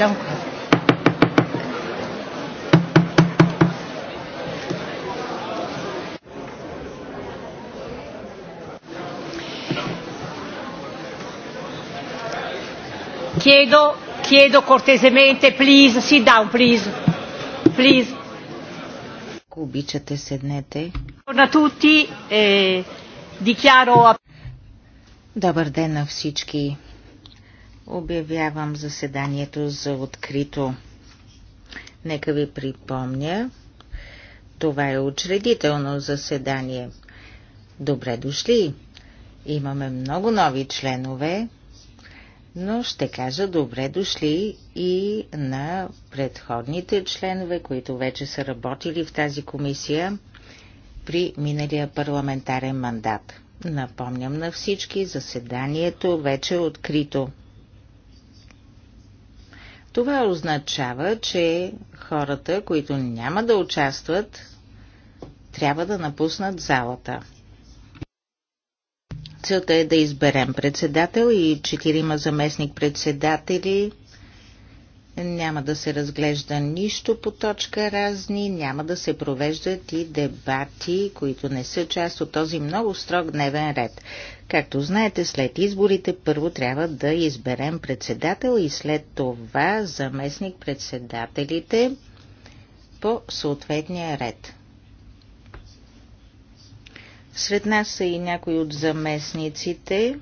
Danke. Chiedo, chiedo cortesemente, please, sit down, please. Please. Обичате, седнете. Buongiorno a tutti, eh, dichiaro... Добър ден на всички. Обявявам заседанието за открито. Нека ви припомня, това е учредително заседание. Добре дошли! Имаме много нови членове, но ще кажа добре дошли и на предходните членове, които вече са работили в тази комисия при миналия парламентарен мандат. Напомням на всички, заседанието вече е открито. Това означава, че хората, които няма да участват, трябва да напуснат залата. Целта е да изберем председател и четирима заместник председатели – няма да се разглежда нищо по точка разни, няма да се провеждат и дебати, които не са част от този много строг дневен ред. Както знаете, след изборите първо трябва да изберем председател и след това заместник председателите по съответния ред. Сред нас са и някои от заместниците,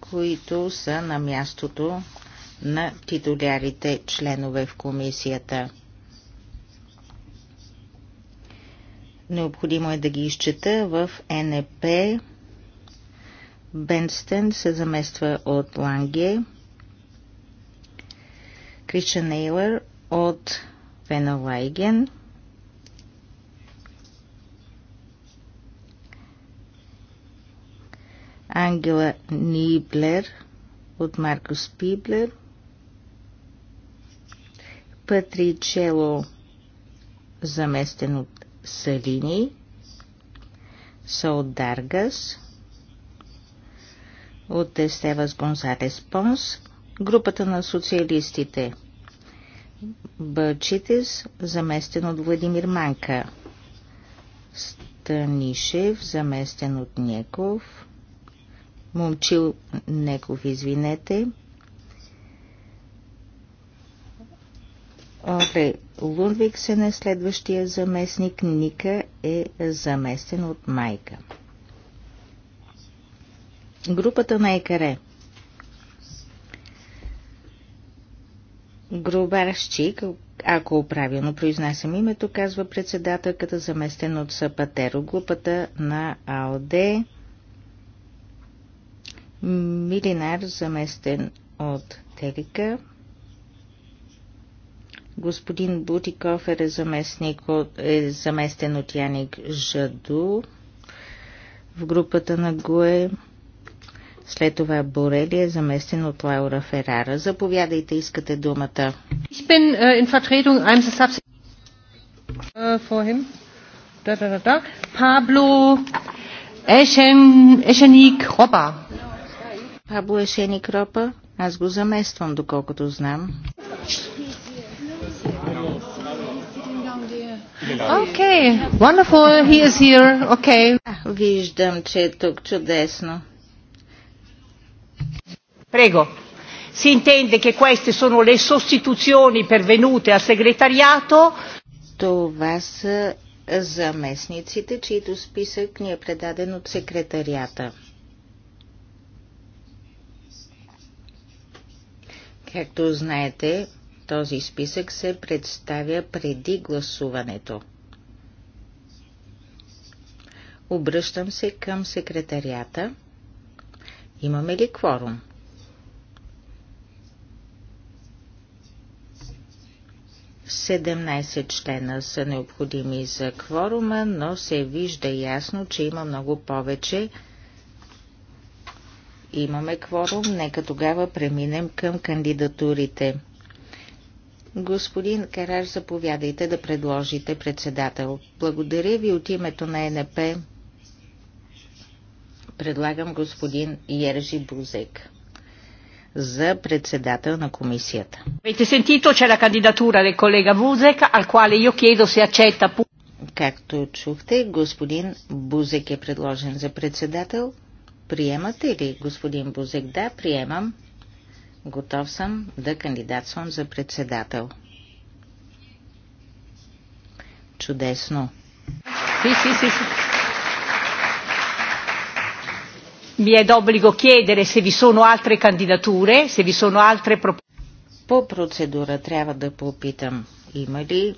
които са на мястото, на титулярите членове в комисията. Необходимо е да ги изчета в НП. Бенстен се замества от Ланге. Кричан Ейлер от Венолайген. Ангела Ниблер от Маркус Пиблер – Патричело, заместен от Салини, Даргас, от Естевас Гонзалес Понс, групата на социалистите. Бълчитес, заместен от Владимир Манка. Станишев, заместен от Неков. Момчил Неков, извинете. Оле Лундвиксен е следващия заместник, Ника е заместен от майка. Групата на Екаре Грубарщик, ако правилно произнасям името, казва председателката, заместен от Сапатеро, групата на АОД. Милинар, заместен от Телика. Господин Бутиков е, заместник, е заместен от Яник Жаду в групата на ГУЕ. След това Борели е заместен от Лаура Ферара. Заповядайте, искате думата. Ich bin äh, in Vertretung eines Subs äh, vorhin. Da, da, da, da. Pablo Eschen, Eschenik Пабло Ешеник Ропа, аз го замествам, доколкото знам. Okay, wonderful, he is here, okay. Виждам, че е тук чудесно. Prego. Si intende che queste sono le sostituzioni pervenute al segretariato. Това са заместниците, чието списък ни е предаден от секретарията. Както знаете, този списък се представя преди гласуването. Обръщам се към секретарията. Имаме ли кворум? Седемнайсет члена са необходими за кворума, но се вижда ясно, че има много повече. Имаме кворум, нека тогава преминем към кандидатурите. Господин Карар, заповядайте да предложите председател. Благодаря ви от името на НП. Предлагам господин Ержи Бузек за председател на комисията. Както чухте, господин Бузек е предложен за председател. Приемате ли, господин Бузек? Да, приемам. Готов съм да кандидатствам за председател. Чудесно. Sì, sì, sì, chiedere se vi sono altre candidature, se vi sono altre По процедура трябва да попитам, има ли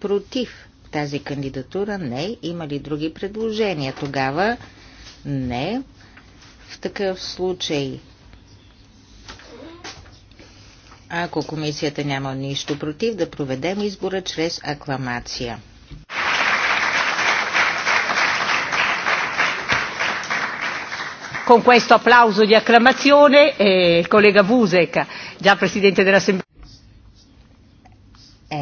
против тази кандидатура? Не. Има ли други предложения? Тогава не. В такъв случай ако комисията няма нищо против, да проведем избора чрез акламация. Con questo applauso di acclamazione, eh, il collega Busek, già Presidente dell'Assemblea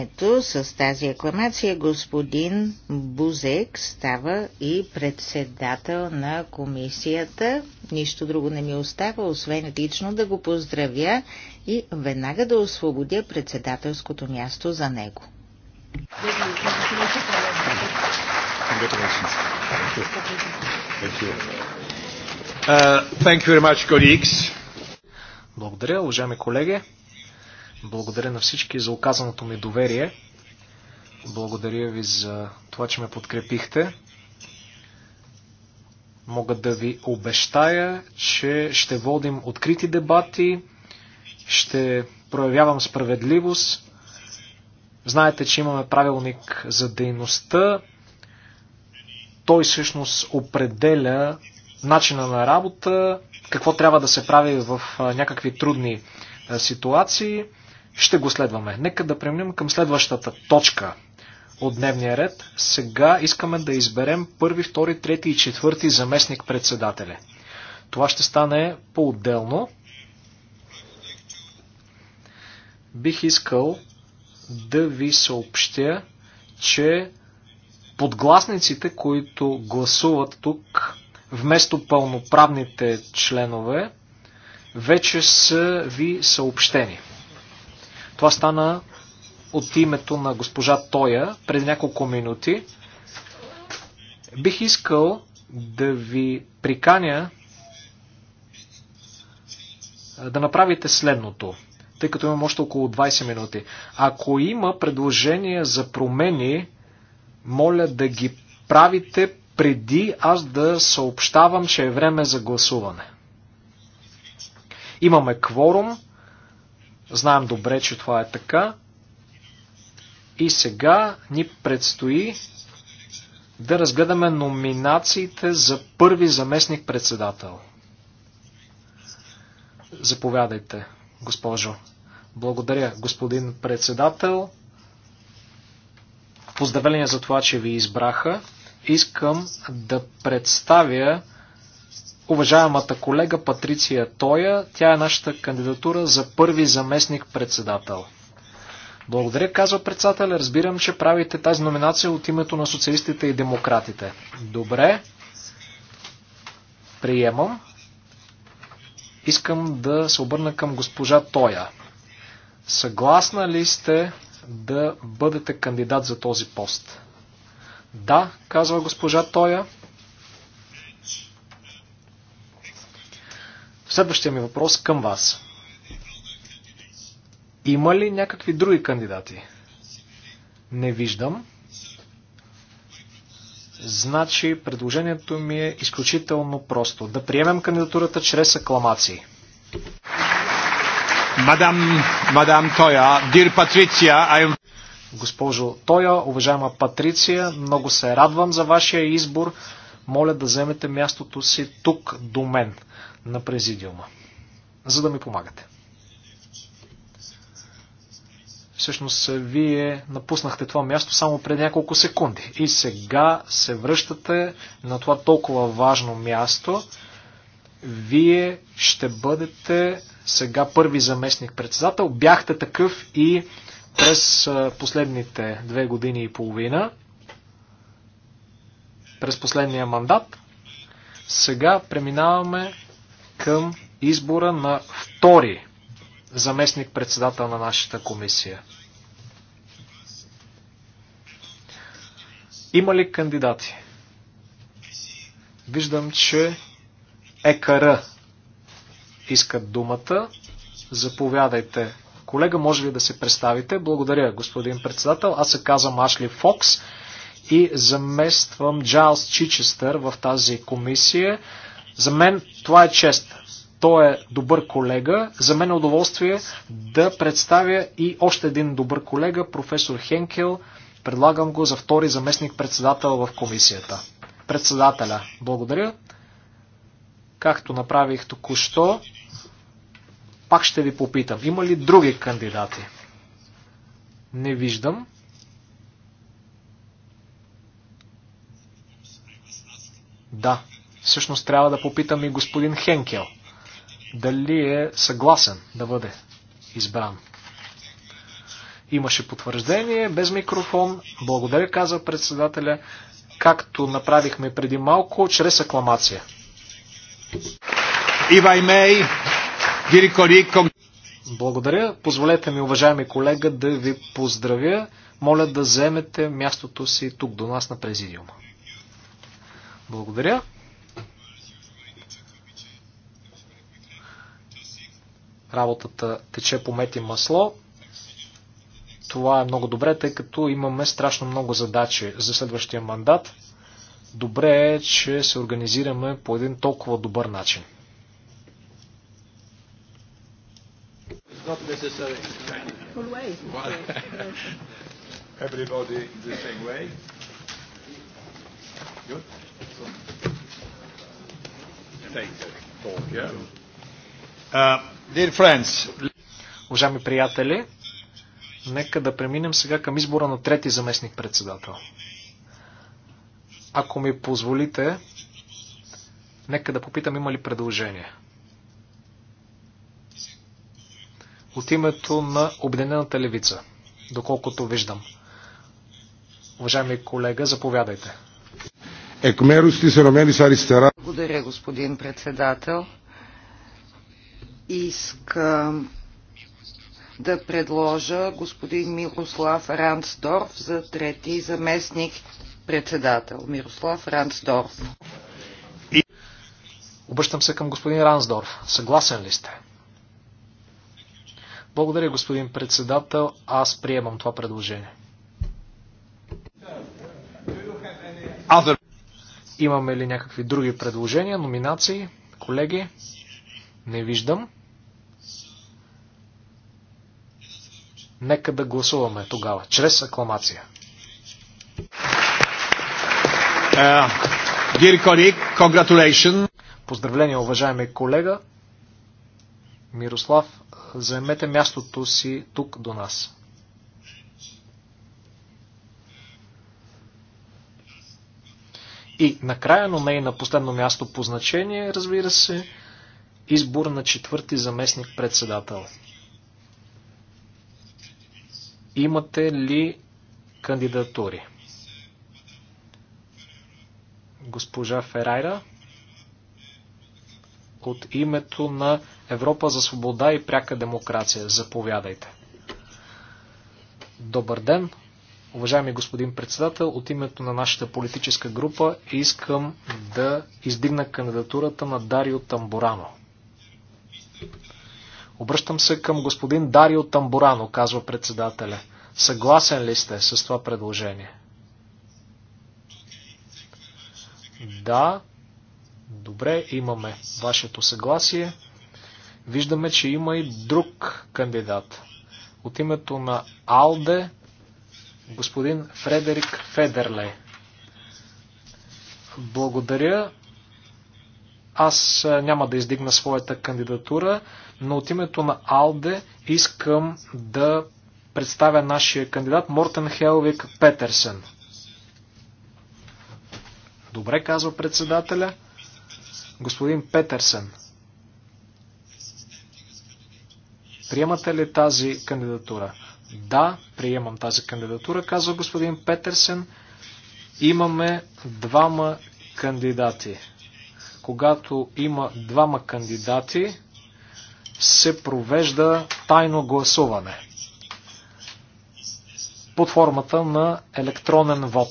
времето с тази акламация господин Бузек става и председател на комисията. Нищо друго не ми остава, освен лично да го поздравя и веднага да освободя председателското място за него. Uh, Благодаря, уважаеми колеги. Благодаря на всички за оказаното ми доверие. Благодаря ви за това, че ме подкрепихте. Мога да ви обещая, че ще водим открити дебати, ще проявявам справедливост. Знаете, че имаме правилник за дейността. Той всъщност определя начина на работа, какво трябва да се прави в някакви трудни ситуации ще го следваме. Нека да преминем към следващата точка от дневния ред. Сега искаме да изберем първи, втори, трети и четвърти заместник председателя. Това ще стане по-отделно. Бих искал да ви съобщя, че подгласниците, които гласуват тук вместо пълноправните членове, вече са ви съобщени. Това стана от името на госпожа Тоя през няколко минути. Бих искал да ви приканя да направите следното, тъй като имам още около 20 минути. Ако има предложения за промени, моля да ги правите преди аз да съобщавам, че е време за гласуване. Имаме кворум, Знаем добре, че това е така. И сега ни предстои да разгледаме номинациите за първи заместник председател. Заповядайте, госпожо. Благодаря, господин председател. Поздравления за това, че ви избраха. Искам да представя уважаемата колега Патриция Тоя. Тя е нашата кандидатура за първи заместник председател. Благодаря, казва председател, Разбирам, че правите тази номинация от името на социалистите и демократите. Добре. Приемам. Искам да се обърна към госпожа Тоя. Съгласна ли сте да бъдете кандидат за този пост? Да, казва госпожа Тоя. Следващия ми въпрос към вас. Има ли някакви други кандидати? Не виждам. Значи предложението ми е изключително просто. Да приемем кандидатурата чрез акламации. Мадам, мадам Тоя, дир Патриция, am... Госпожо Тоя, уважаема Патриция, много се радвам за вашия избор моля да вземете мястото си тук до мен на президиума, за да ми помагате. Всъщност, вие напуснахте това място само пред няколко секунди. И сега се връщате на това толкова важно място. Вие ще бъдете сега първи заместник-председател. Бяхте такъв и през последните две години и половина през последния мандат. Сега преминаваме към избора на втори заместник-председател на нашата комисия. Има ли кандидати? Виждам, че ЕКР искат думата. Заповядайте. Колега, може ли да се представите? Благодаря, господин председател. Аз се казвам Ашли Фокс и замествам Джайлс Чичестър в тази комисия. За мен това е чест. Той е добър колега. За мен е удоволствие да представя и още един добър колега, професор Хенкел. Предлагам го за втори заместник-председател в комисията. Председателя. Благодаря. Както направих току-що, пак ще ви попитам. Има ли други кандидати? Не виждам. Да, всъщност трябва да попитам и господин Хенкел. Дали е съгласен да бъде избран? Имаше потвърждение, без микрофон. Благодаря, каза председателя, както направихме преди малко, чрез акламация. Благодаря. Позволете ми, уважаеми колега, да ви поздравя. Моля да вземете мястото си тук до нас на президиума. Благодаря. Работата тече по мет и масло. Това е много добре, тъй като имаме страшно много задачи за следващия мандат. Добре е, че се организираме по един толкова добър начин. Everybody the same way. Good. Уважаеми приятели, нека да преминем сега към избора на трети заместник председател. Ако ми позволите, нека да попитам има ли предложение. От името на Обединената левица, доколкото виждам. Уважаеми колега, заповядайте. Εκ Благодаря, господин председател. Искам да предложа господин Мирослав Рансдорф за трети заместник председател. Мирослав Рансдорф. И... Обръщам се към господин Рансдорф. Съгласен ли сте? Благодаря, господин председател. Аз приемам това предложение. Имаме ли някакви други предложения, номинации, колеги? Не виждам. Нека да гласуваме тогава, чрез акламация. Uh, Поздравления, уважаеми колега. Мирослав, заемете мястото си тук до нас. И накрая, но не и на последно място по значение, разбира се, избор на четвърти заместник председател. Имате ли кандидатури? Госпожа Ферайра от името на Европа за свобода и пряка демокрация. Заповядайте. Добър ден, Уважаеми господин председател, от името на нашата политическа група искам да издигна кандидатурата на Дарио Тамбурано. Обръщам се към господин Дарио Тамбурано, казва председателя. Съгласен ли сте с това предложение? Да, добре, имаме вашето съгласие. Виждаме, че има и друг кандидат. От името на Алде господин Фредерик Федерле. Благодаря. Аз няма да издигна своята кандидатура, но от името на Алде искам да представя нашия кандидат Мортен Хелвик Петерсен. Добре, казва председателя. Господин Петерсен, приемате ли тази кандидатура? Да, приемам тази кандидатура, казва господин Петерсен. Имаме двама кандидати. Когато има двама кандидати, се провежда тайно гласуване под формата на електронен вод.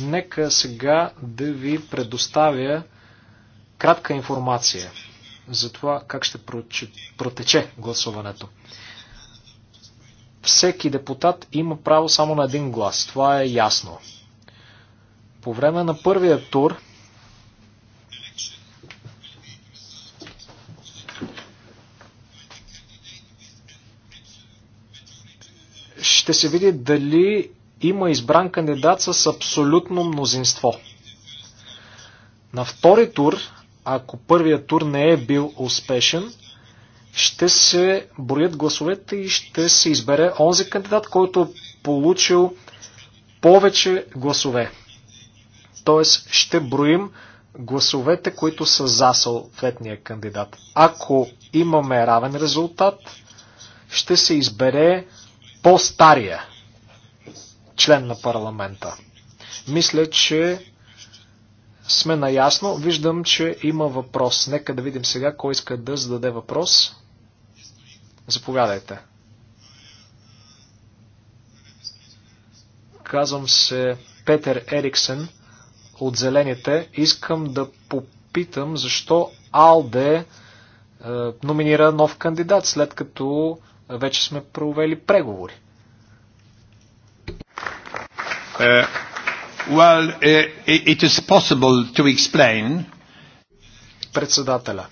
Нека сега да ви предоставя кратка информация за това как ще протече гласуването всеки депутат има право само на един глас. Това е ясно. По време на първия тур ще се види дали има избран кандидат с абсолютно мнозинство. На втори тур, ако първият тур не е бил успешен, ще се броят гласовете и ще се избере онзи кандидат, който е получил повече гласове. Тоест ще броим гласовете, които са за съответния кандидат. Ако имаме равен резултат, ще се избере по-стария член на парламента. Мисля, че сме наясно. Виждам, че има въпрос. Нека да видим сега кой иска да зададе въпрос. Заповядайте. Казвам се Петър Ериксен от Зелените. Искам да попитам защо Алде е, номинира нов кандидат, след като вече сме провели преговори. Е... Well, eh, it is possible to explain. Председателя.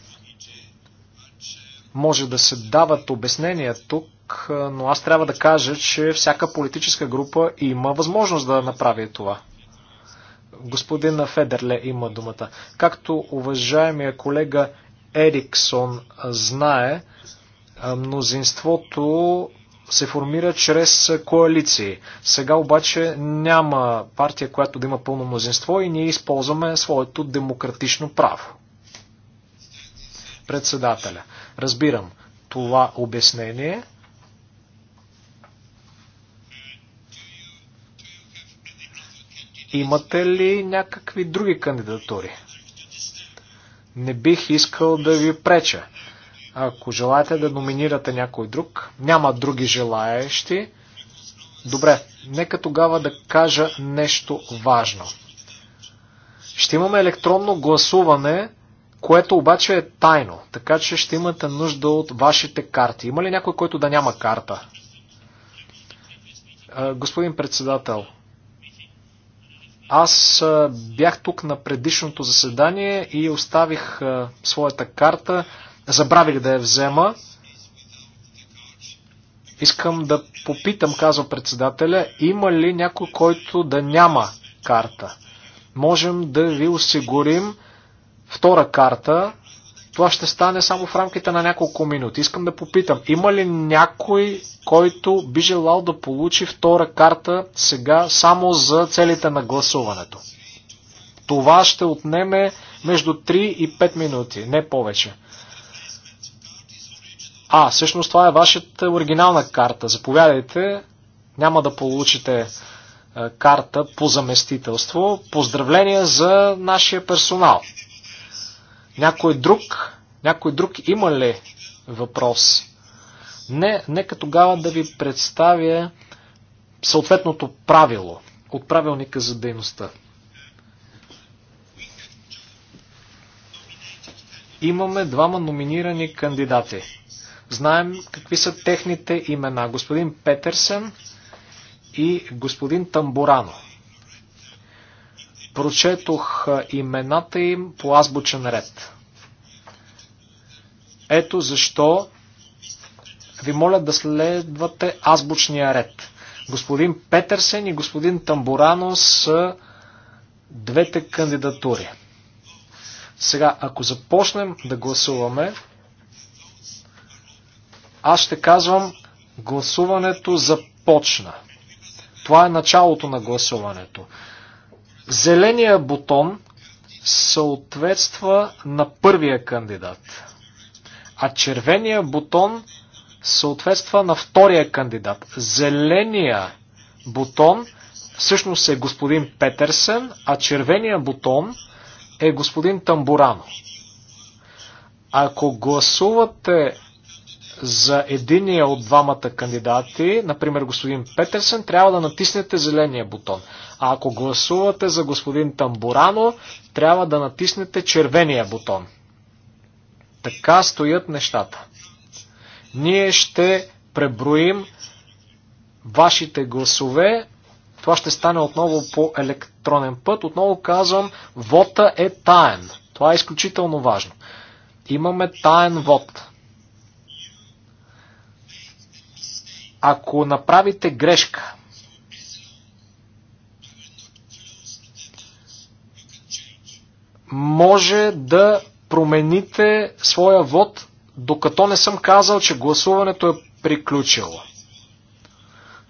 Може да се дават обяснения тук, но аз трябва да кажа, че всяка политическа група има възможност да направи това. Господин Федерле има думата. Както уважаемия колега Ериксон знае, мнозинството се формира чрез коалиции. Сега обаче няма партия, която да има пълно мнозинство и ние използваме своето демократично право. Председателя. Разбирам това обяснение. Имате ли някакви други кандидатури? Не бих искал да ви преча. Ако желаете да номинирате някой друг, няма други желаещи. Добре, нека тогава да кажа нещо важно. Ще имаме електронно гласуване, което обаче е тайно, така че ще имате нужда от вашите карти. Има ли някой, който да няма карта? Господин председател, аз бях тук на предишното заседание и оставих своята карта Забравих да я взема. Искам да попитам, казва председателя, има ли някой, който да няма карта? Можем да ви осигурим втора карта. Това ще стане само в рамките на няколко минути. Искам да попитам, има ли някой, който би желал да получи втора карта сега само за целите на гласуването? Това ще отнеме между 3 и 5 минути, не повече. А, всъщност това е вашата оригинална карта. Заповядайте, няма да получите е, карта по заместителство. Поздравления за нашия персонал. Някой друг, някой друг има ли въпрос? Не, нека тогава да ви представя съответното правило от правилника за дейността. Имаме двама номинирани кандидати. Знаем какви са техните имена. Господин Петерсен и господин Тамбурано. Прочетох имената им по азбучен ред. Ето защо ви моля да следвате азбучния ред. Господин Петерсен и господин Тамбурано са двете кандидатури. Сега, ако започнем да гласуваме, аз ще казвам гласуването започна. Това е началото на гласуването. Зеления бутон съответства на първия кандидат, а червения бутон съответства на втория кандидат. Зеления бутон всъщност е господин Петерсен, а червения бутон е господин Тамбурано. Ако гласувате за единия от двамата кандидати, например господин Петерсен, трябва да натиснете зеления бутон. А ако гласувате за господин Тамбурано, трябва да натиснете червения бутон. Така стоят нещата. Ние ще преброим вашите гласове. Това ще стане отново по електронен път. Отново казвам, вота е таен. Това е изключително важно. Имаме таен вод. Ако направите грешка, може да промените своя вод, докато не съм казал, че гласуването е приключило.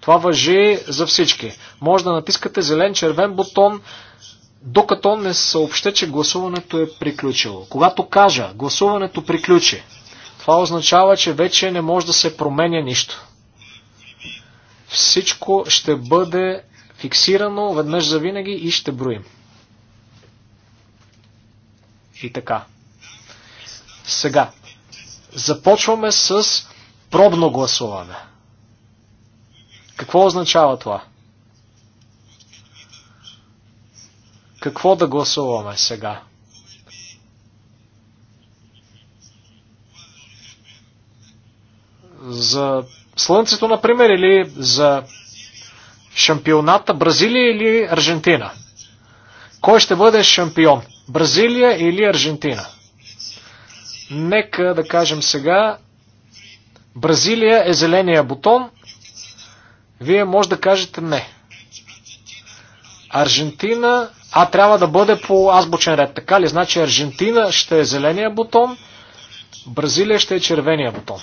Това въжи за всички. Може да натискате зелен, червен бутон, докато не съобща, че гласуването е приключило. Когато кажа гласуването приключи, това означава, че вече не може да се променя нищо. Всичко ще бъде фиксирано веднъж за винаги и ще броим. И така. Сега. Започваме с пробно гласуване. Какво означава това? Какво да гласуваме сега? За Слънцето, например, или за шампионата Бразилия или Аржентина? Кой ще бъде шампион? Бразилия или Аржентина? Нека да кажем сега, Бразилия е зеления бутон. Вие може да кажете не. Аржентина, а трябва да бъде по азбучен ред, така ли? Значи Аржентина ще е зеления бутон, Бразилия ще е червения бутон.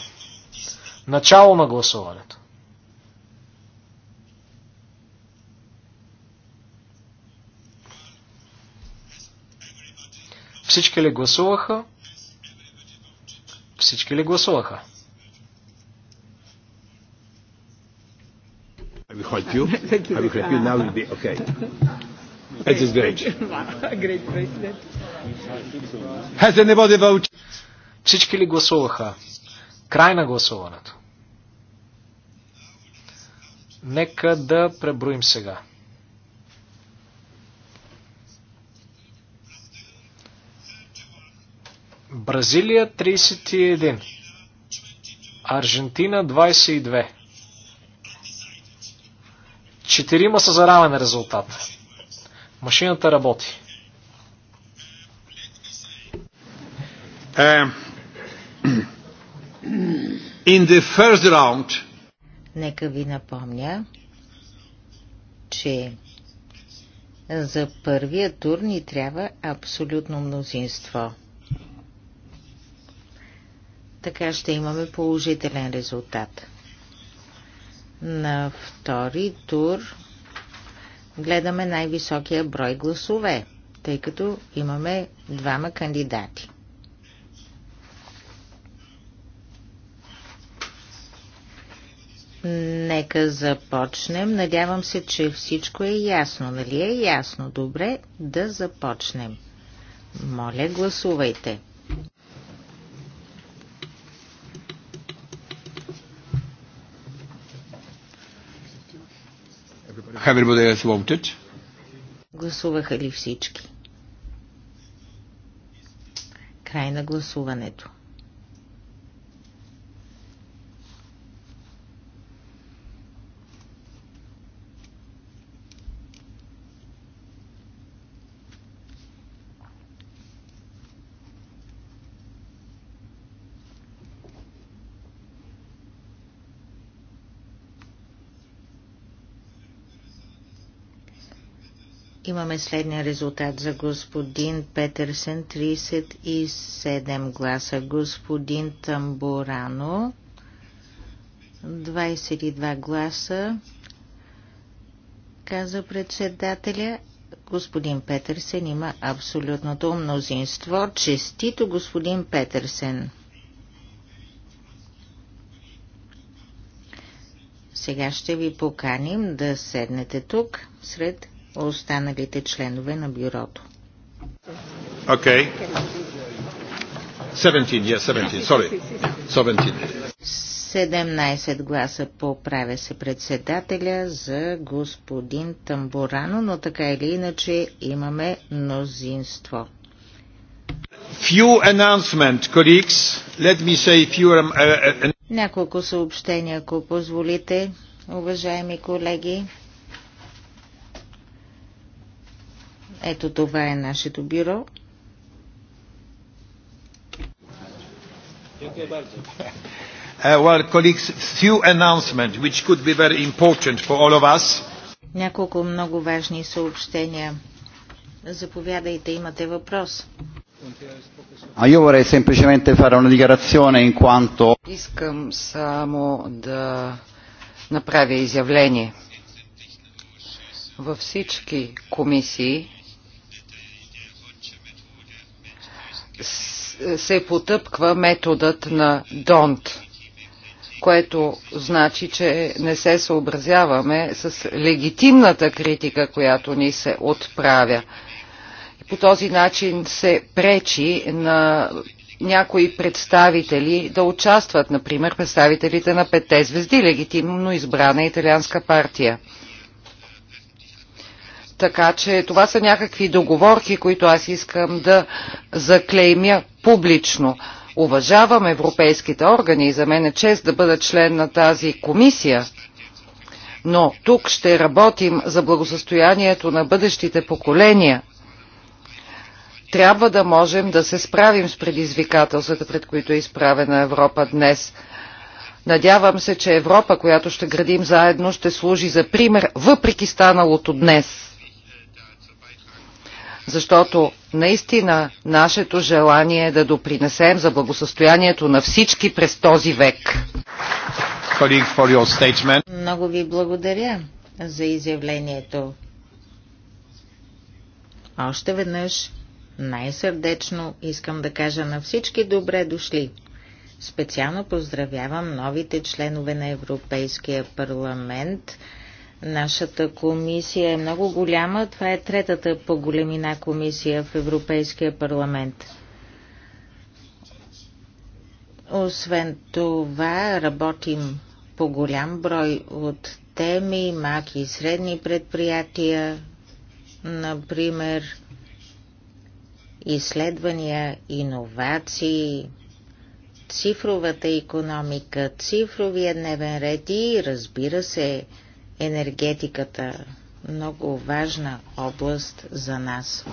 Начало на гласуването. Всички ли гласуваха? Всички ли гласуваха? Всички ли гласуваха? Край на гласуването. Нека да преброим сега. Бразилия 31. Аржентина 22. Четирима са за равен резултат. Машината работи. Um. In the first round, Нека ви напомня, че за първия тур ни трябва абсолютно мнозинство. Така ще имаме положителен резултат. На втори тур гледаме най-високия брой гласове, тъй като имаме двама кандидати. Нека започнем. Надявам се, че всичко е ясно. Нали е ясно? Добре, да започнем. Моля, гласувайте. Гласуваха ли всички? Край на гласуването. Имаме следния резултат за господин Петърсен 37 гласа, господин Тамбурано 22 гласа, каза председателя. Господин Петърсен има абсолютното мнозинство. Честито, господин Петърсен! Сега ще ви поканим да седнете тук сред останалите членове на бюрото. Okay. 17, yeah, 17, sorry. 17. 17 гласа поправя се председателя за господин Тамбурано, но така или иначе имаме мнозинство. Few... Um, uh, uh, uh, Няколко съобщения, ако позволите, уважаеми колеги. Ето това е нашето бюро. Uh, Няколко много важни съобщения. Заповядайте, имате въпрос. Искам само да направя изявление. Във всички комисии се потъпква методът на Донт, което значи, че не се съобразяваме с легитимната критика, която ни се отправя. по този начин се пречи на някои представители да участват, например представителите на Петте звезди, легитимно избрана италианска партия. Така че това са някакви договорки, които аз искам да заклеймя публично. Уважавам европейските органи и за мен е чест да бъда член на тази комисия. Но тук ще работим за благосъстоянието на бъдещите поколения. Трябва да можем да се справим с предизвикателствата, пред които е изправена Европа днес. Надявам се, че Европа, която ще градим заедно, ще служи за пример, въпреки станалото днес защото наистина нашето желание е да допринесем за благосъстоянието на всички през този век. Много ви благодаря за изявлението. Още веднъж най-сърдечно искам да кажа на всички добре дошли. Специално поздравявам новите членове на Европейския парламент – Нашата комисия е много голяма. Това е третата по големина комисия в Европейския парламент. Освен това, работим по голям брой от теми, малки и средни предприятия, например, изследвания, иновации, цифровата економика, цифровия дневен ред и, разбира се, енергетиката. Много важна област за нас.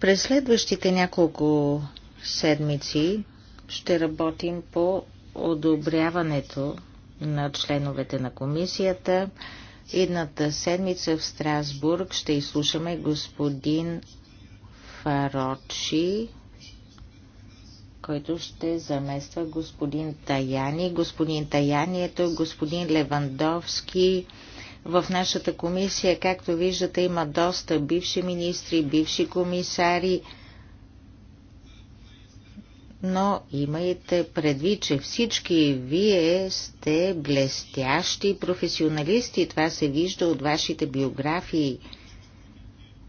През следващите няколко седмици ще работим по одобряването на членовете на комисията. Идната седмица в Страсбург ще изслушаме господин Фарочи, който ще замества господин Таяни. Господин Таяни е той господин Левандовски. В нашата комисия, както виждате, има доста бивши министри, бивши комисари, но имайте предвид, че всички вие сте блестящи професионалисти. Това се вижда от вашите биографии.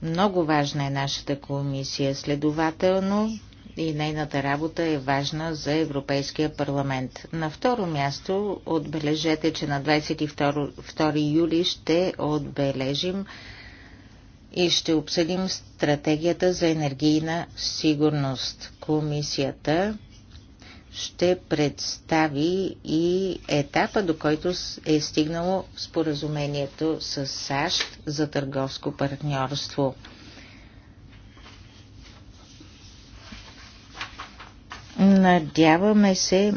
Много важна е нашата комисия. Следователно, и нейната работа е важна за Европейския парламент. На второ място отбележете, че на 22 2 юли ще отбележим и ще обсъдим стратегията за енергийна сигурност. Комисията ще представи и етапа, до който е стигнало споразумението с САЩ за търговско партньорство – Надяваме се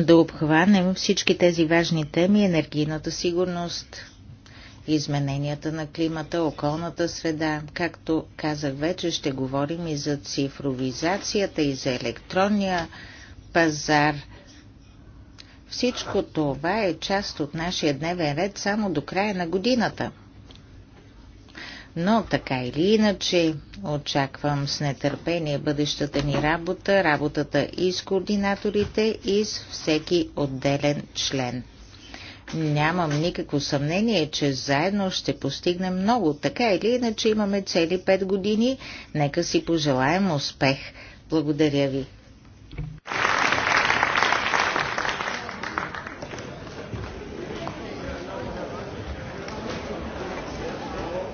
да обхванем всички тези важни теми енергийната сигурност, измененията на климата, околната среда. Както казах вече, ще говорим и за цифровизацията, и за електронния пазар. Всичко това е част от нашия дневен ред само до края на годината – но така или иначе, очаквам с нетърпение бъдещата ни работа, работата и с координаторите, и с всеки отделен член. Нямам никакво съмнение, че заедно ще постигнем много. Така или иначе имаме цели 5 години. Нека си пожелаем успех. Благодаря ви.